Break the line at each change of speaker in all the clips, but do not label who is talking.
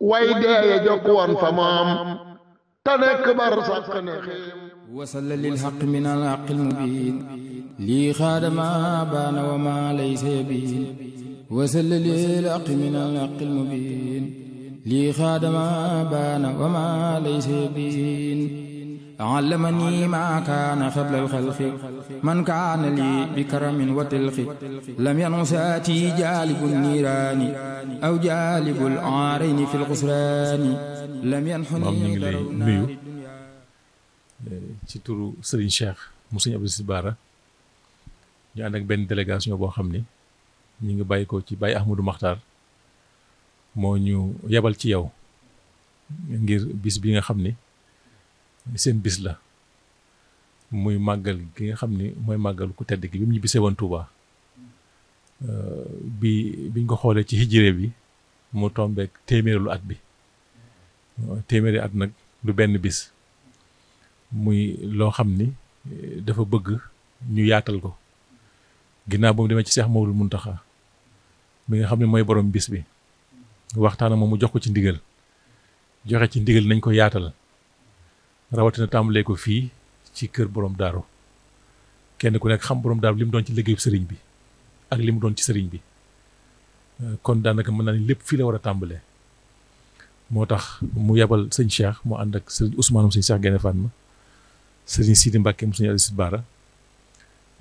way deeye jokk woon fa moom
te nekk bar sàq ne xéem
wasalla lilxaq min alxaq almubin lii xaadama baana wa ma laysa yabin wasalla lilxaq min alxaq almubin lii xaadama baana wa ma laysa yabin علمني ما كان قبل الخلق من كان لي بكرم وتلق لم ينساتي جالب
nuyu eh, ci turu Serigne Cheikh mu Serigne Abdou Aziz Bara ñu ànd ak benn délégation boo xam ni ñu ngi bàyyi ko ci Baye Ahmadou Makhtar moo ñu yebal ci yow ngir bis bi nga xam ni seen bis la muy màggal ki nga xam ni mooy màggal ku tedd gi bi mu ñibbisee woon Touba euh, bi biñ ko xoolee ci hijjire bi mu tombeek téeméerlu at bi euh, téeméeri at nag du benn bis muy loo xam ni euh, dafa bëgg ñu yaatal ko ginnaaw ba mu demee ci Seex mun taxa mi nga xam ne mooy borom bis bi waxtaana moom mu jox ko ci ndigal joxe ci ndigal nañ ko yaatal rawatina tàmbalee ko fii ci kër borom daaru kenn ku nekk xam borom daaru lim mu doon ci liggéeyu sëriñ bi ak li mu doon ci sëriñ bi kon daanaka mën naa ni lépp fii la war a tàmbalee moo tax mu yebal sëñ Cheikh mu ànd ak sëriñ Ousmane mu sëñ Cheikh Gaïndé Fatma sëriñ Sidi Mbacke mu sëñ Aliou Bara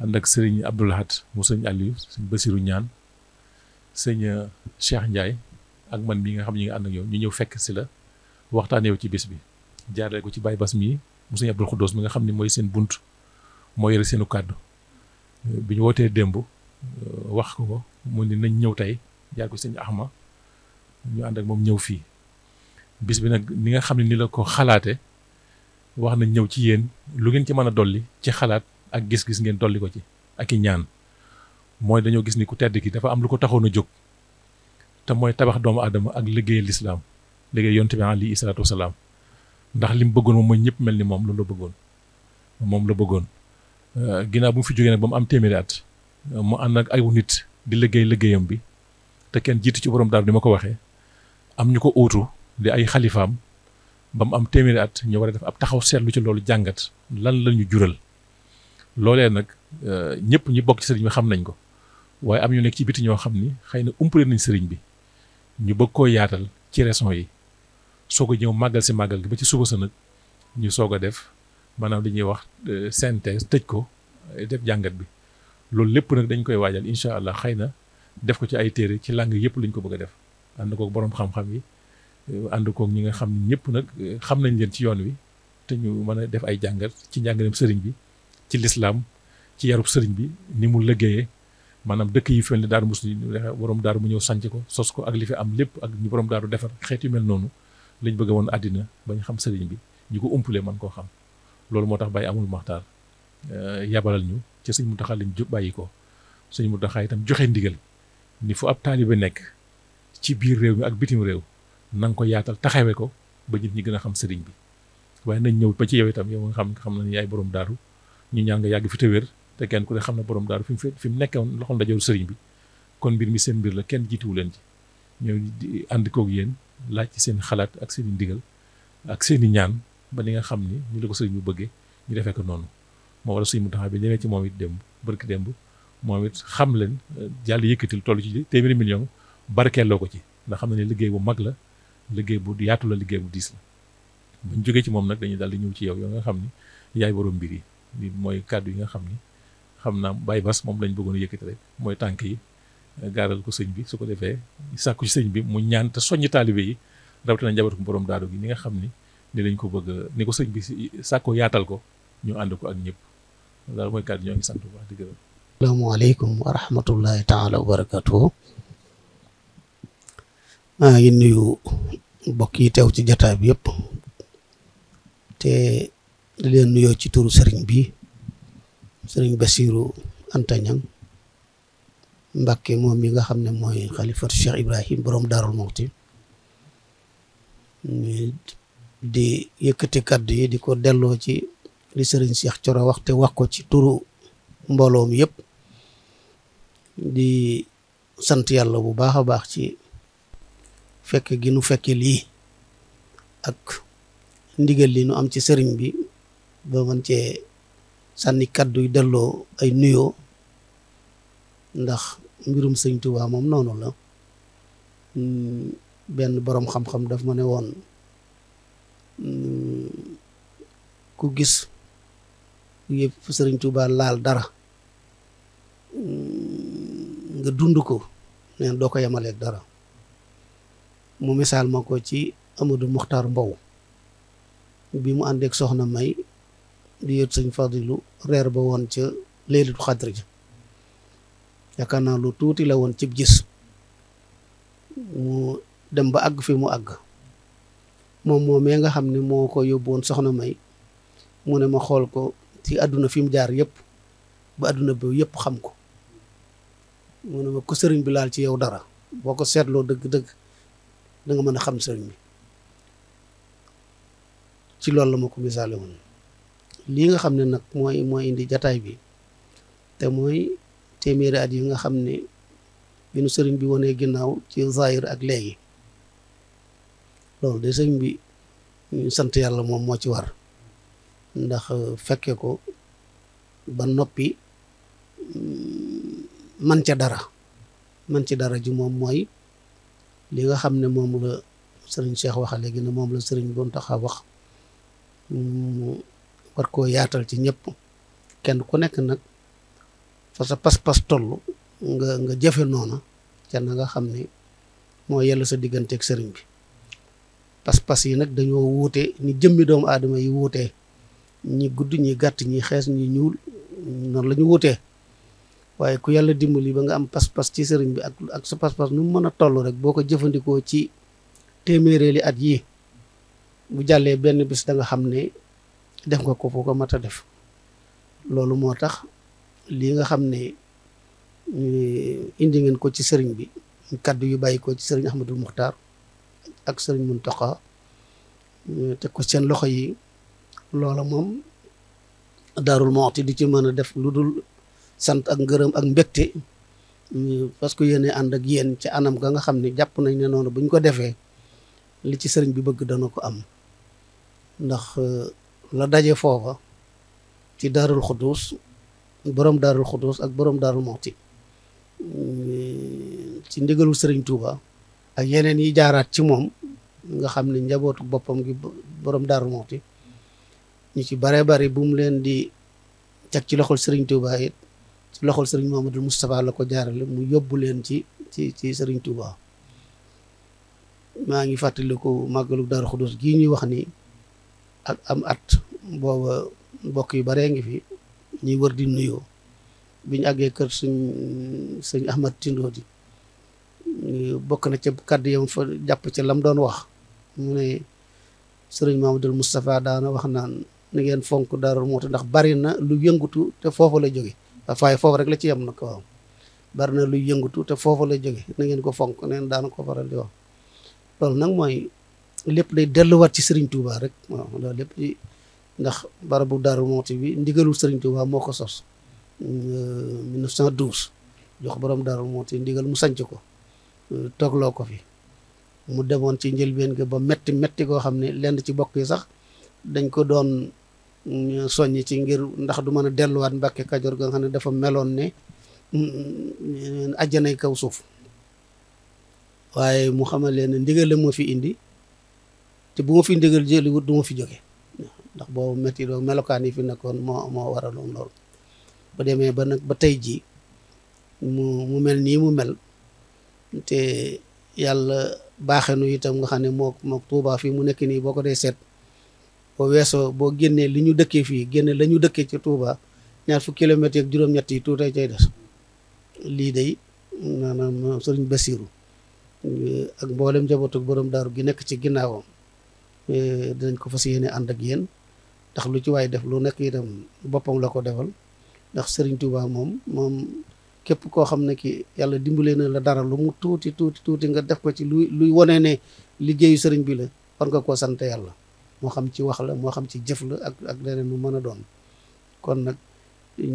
ànd ak sëriñ Abdou Lahat mu sëñ Aliou sëñ Ñaan sëñ Cheikh Ndiaye ak man mii nga xam ñu ngi ànd ak ñu ñëw fekk si la waxtaan yow ci bis bi jaarale ko ci Baye Bass mii mu sëñ Abdul Xuddoos mi nga xam ne mooy seen bunt mooy yore seenu kàddu bi ñu wootee démb euh, wax ko ko mu ni nañ ñëw tey jaar ko sëñ Axma ñu ànd ak moom ñëw fii bis bi nag ni nga xam ne ni la ko xalaate wax nañ ñëw ci yéen lu ngeen ci mën a dolli ci xalaat ak gis-gis ngeen dolli ko ci ak i ñaan mooy dañoo gis ni ku tedd ki dafa am lu ko taxoon a jóg te mooy tabax doomu aadama ak liggéey lislaam liggéey yonte bi alayhi salaatu wasalaam ndax li mu bëggoon moom mooy ñëpp mel ni moom loolu la bëggoon moom la bëggoon euh, ginnaaw bu mu fi jógee nag ba mu am téeméeri at euh, mu ànd ak ay nit di liggéey liggéeyam bi te kenn jiitu ci borom daal di ko waxee am ñu ko ootu di ay xalifaam ba mu am téeméeri at ñu war a def ab taxaw seetlu ci loolu jàngat lan la ñu jural loolee nag euh, ñëpp ñu bokk ci sëriñ bi xam nañ ko waaye am ñu nekk ci biti ñoo xam ni xëy na umpale nañ sëriñ bi ñu bëgg koo yaatal ci raison yi soog a ñëw màggal si màggal gi ba ci suba sa nag ñu soog a def maanaam li ñuy wax euh, synthèse tëj ko euh, def jàngat bi loolu lépp nag dañ koy waajal incha allah xëy na def ko ci ay téere ci làng yëpp lañ ko bëgg a def ànd kook boroom xam-xam yi euh, ànd kook ñi nga xam ñëpp nag xam nañ leen ci yoon wi te ñu mën a def ay jàngat ci njàngaleem sëriñ bi ci lislaam ci yarub sëriñ bi ni mu liggéeyee maanaam dëkk yi fi mel ne daaru mus borom daaru mu ñëw sanc ko sos ko ak li fi am lépp ak ñu borom daaru defar xeet yu noonu lañ bëgg woon àddina bañ xam sëriñ bi ñu ko umpule man koo xam loolu moo tax Baye amul maxtaar euh, yabalal ñu ci sëñ mu lañ jub bàyyi ko sëñ Muntaxa itam joxe ndigal ni fu ab taalibe nekk ci biir réew mi ak bitim réew na nga ko yaatal taxawee ko ba nit ñi gën a xam sëriñ bi waaye nañ ñëw ba ci yow itam yow nga xam xam nañ yaay borom daaru ñu ñaan nga yàgg fi te te kenn ku ne xam na borom daaru fi mu fi mu nekkoon loxol ndajoor sëriñ bi kon mbir mi seen mbir la kenn jiituwu leen ci ñëw di ànd yéen laaj ci seen xalaat ak seen i ndigal ak seen i ñaan ba ni nga xam ni ñu la ko sëriñ bu bëggee ñu defee ko noonu moo wala suñu mutaxaa bi ñeneen ci moom it démb barki démb moom it xam leen jàll yëkkatil tollu ci téeméeri million barkeeloo ko ci ndax xam na ne liggéey bu mag la liggéey bu yaatu la liggéey bu diis la buñ jógee ci moom nag dañuy daal di ñëw ci yow yoo nga xam ni yaay borom mbir yi li mooy kàddu yi nga xam ni xam naa Baye Bass moom lañ bëggoon yëkkati mooy tànk yi gaaral ko sëñ bi su ko defee sàkku ci sëñ bi mu ñaan te soññ taalibe yi rawatina njabootu borom daadu gi ni nga xam ni ni lañ ko bëgg ni ko sëñ bi sàkkoo yaatal ko ñu ànd ko ak ñëpp daal mooy kàddu ñoo ngi sant bu baax di gërëm.
asalaamaaleykum wa rahmatullahi taala wa barakatuhu maa ngi nuyu mbokk yi teew ci jataa bi yëpp te di leen nuyoo ci turu sëriñ bi sëriñ Basiiru Anta Ñaŋ mbakke moom mi nga xam ne mooy xalifatu Cheikh Ibrahim borom Daarul Mawti di yëkkati kàddu yi di ko delloo ci li sëriñ Cheikh Coro waxte wax ko ci turu mbooloom mi yëpp di sant yàlla bu baax a baax ci fekk gi nu fekke lii ak ndigal li nu am ci sëriñ bi boo mën cee sànni kàddu yi delloo ay nuyoo ndax mbirum sëñ Tuubaa moom noonu la mm, benn boroom xam-xam daf ma ne woon mm, ku gis yëpp sëriñ Tuubaa laal dara mm, nga dund ko neen doo ko yemaleeg dara mu misaal ma ko ci Amadou Muxtar Mbow bi mu àndeek soxna May di yët sëñ Fadilu reer ba woon ca leelitu xadri yaakaar naa lu tuuti la woon cib gis mu dem ba àgg fi mu àgg moom moomee nga xam ni moo ko yóbbuwoon soxna May mu ne ma xool ko ci àdduna fi mu jaar yépp ba àdduna bi yépp xam ko mu ne ma ko sëriñ bi laal ci yow dara boo ko seetloo dëgg-dëgg da nga mën a xam sëriñ bi ci loolu la ma ko misaale woon lii nga xam ne nag mooy mooy indi jataay bi te mooy téeméeri at yi nga xam ne binu sëriñ bi wanee ginnaaw ci zahir ak léegi loolu de sëriñ bi ñu sant yàlla moom moo ci war ndax fekke ko ba noppi mm, man ca dara man ci dara ji moom mooy li nga xam ne moom la sëriñ Cheikh waxa léegi ne moom la sëriñ a wax mu war ko yaatal ci ñëpp kenn ku nekk nag fa sa pas-pas toll nga nga jëfe noona ca na nga xam ne moo yellu sa digganteeg sëriñ bi pas-pas yi nag dañoo wuute ni jëmmi doomu aadama yi wuutee ñi gudd ñi gàtt ñi xees ñi ñuul noonu la ñu wuutee waaye ku yàlla dimbali ba nga am pas-pas ci sëriñ bi ak ak sa pas-pas nu mu mën a toll rek boo ko jëfandikoo ci téeméeréeli at yii bu jàllee benn bis da nga xam ne def nga ko foo ko mat a def loolu moo tax lii nga xam ne eh, indi ngeen ko ci sëriñ bi kaddu yu bàyyi ko ci sëriñ Ahmadul Muxtaar ak sëriñ Muntaxa eh, teg ko seen loxo yi loola moom Daarul Muxti di ci mën a def lu dul sant ak ngërëm ak mbégte eh, parce que yéene ànd ak yéen ci anam ka nga xam ne jàpp nañ ne noonu buñ ko defee li ci sëriñ bi bëgg dana ko am ndax la daje foofa ci Daarul Xuddus borom daarul xudoos ak borom daarul moxti ci ndigalu sëriñ Touba ak yeneen yi jaaraat ci moom nga xam ne njabootu boppam gi borom daarul moxti ñu ci bare bari bu mu leen di teg ci loxol sëriñ Touba it ci loxol sëriñ Mamadou Moustapha la ko jaarale mu yóbbu leen ci ci ci sëriñ Touba maa ngi fàttaliku màggalu daaru xudoos gi ñuy wax ni ak am at booba mbokk yu baree ngi fi ñuy wër di nuyoo biñ àggee kër suñ sëñ Ahmad Tindoo di bokk na ca kàddu yam fa jàpp ca lam doon wax mu ne sëriñ Mamadou Moustapha daana wax naan ni ngeen fonk Daaru Muxti ndax bari na lu yëngutu te foofu la jóge waaye foofu rek la ci yem na waaw bari na luy yëngutu te foofu la jóge na ngeen ko fonk neen daana ko faral di wax loolu nag mooy lépp day delluwaat ci sëriñ Touba rek ndax barabu Daaru Muxti bi ndigalul Sëriñ Tuubaa moo ko sos 1912 euh, jox borom Daaru Muxti ndigal mu sanc ko euh, loo ko fi mu demoon ci njëlbeen ga ba metti metti koo xam ne lenn ci bokk yi sax dañ ko doon euh, soññ ci ngir ndax du mën a delluwaat Mbàkke Kajoor ga nga xam ne dafa meloon ne ajjanay kaw suuf waaye mu xamal leen ne ndigal moo fi indi te bu ma fi ndigal jëliwut du ma fi jóge ndax boobu métti doog melokaan yi fi nekkoon moo moo waraloon loolu ba demee ba nag ba tey jii mu mu mel nii mu mel te yàlla baaxe nu itam nga xam ne moo mook Tuubaa fii mu nekk nii boo ko dee seet boo weesoo boo génnee li ñu dëkkee fii génne lañu dëkkee ci Tuubaa ñaar fukki kilomètres yeeg juróom-ñett yi tuutay cay des lii day maanaam sëriñ Basiiru ak mboolem njabootu borom daaru gi nekk ci ginnaawam eh, dinañ ko fas yéene ànd ak yéen ndax lu ci waay def lu nekk itam boppam la ko defal ndax Serigne Touba moom moom képp koo xam ne ki yàlla dimbalee na la dara lu mu tuuti tuuti tuuti nga def ko ci lu luy wane ne liggéeyu sëriñ bi la war nga ko sant yàlla moo xam ci wax la moo xam ci jëf la ak ak leneen lu mën a doon kon nag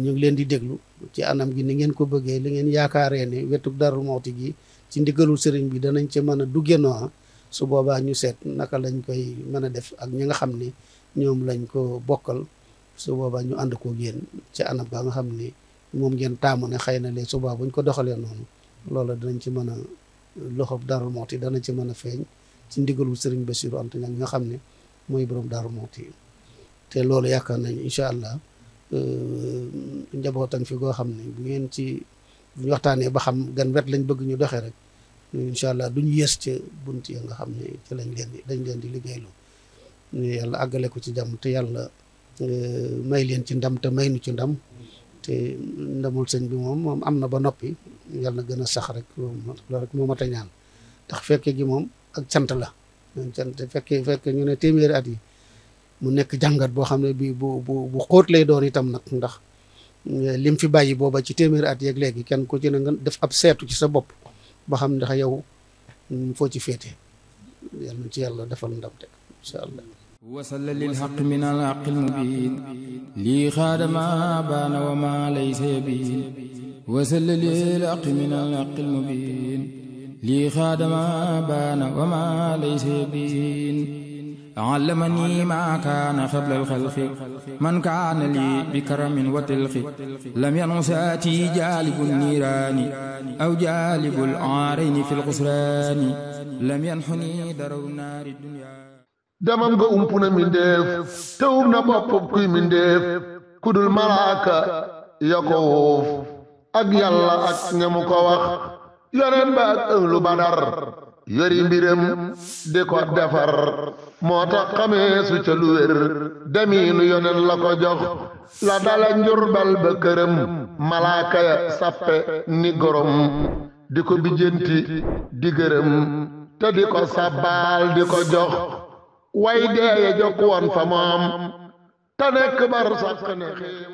ñu ngi leen di déglu ci anam gi ni ngeen ko bëggee li ngeen yaakaaree ne wetug daru mawti gi ci ndigalul sëriñ bi danañ ci mën a duggeenoo su boobaa ñu seet naka lañ koy mën a def ak ñi nga xam ne ñoom lañ ko bokkal su boobaa ñu ànd koog yéen ci anam ba nga xam ni moom ngeen taamu ne xëy na lee subaa buñ ko doxalee noonu loola danañ ci mën a loxob Darou Mouhty danañ ci mën a feeñ ci ndigalu Serigne Bassirou Anta Niang nga xam ne mooy borom Darou Mouhty te loolu yaakaar nañ incha allah euh, njabootan fi goo xam ne bu ngeen ci buñ waxtaanee ba xam gan wet lañ bëgg ñu doxee rek incha allah duñ yées ca bunt ya nga xam ne ci lañ leen di dañ leen di liggéeyloo yàlla àggale ko ci jàmm te eh, may leen ci ndam te may nu ci ndam te ndamul sëñ bi moom moom am na ba noppi yàlla na gën a sax rek loolu mat a ñaan ndax fekke gi moom ak cant la ñoom cant fekke ñu ne téeméeri at yi mu nekk jàngat boo xam ne bi bu bu bu xóot lay doon itam nag ndax eh, lim fi bàyyi booba ci téeméeri at yeeg léegi kenn ko ci ne nga def ab seetu ci sa bopp boo xam ne ndax yow mm, foo ci féete yàlla na ci yàlla defal ndam te
وصل للحق من الحق المبين لي خادم ما بان وما ليس يبين وصل للحق من الحق المبين لي خادم ما بان وما ليس يبين علمني ما كان قبل الخلق من كان لي بكرم وتلق لم ينساتي جالب النيران أو جالب العارين في القسران لم ينحني درو نار الدنيا
demam nga umpuna mindéef te um na boppam kuy mindéef kudul malaaka ya ko wuuf ak yàlla ak ñamu ko wax yoneen ba ak ënglu badar yori mbiram di ko defar moo tax xamee su ca lu la ko jox la dala njurbal ba këram malaaka ya sappe ni gorom di ko bijjanti di gërëm te di ko sabbaal di ko jox way deeye jokk woon fa moom te nekk bar sàkk ne xéew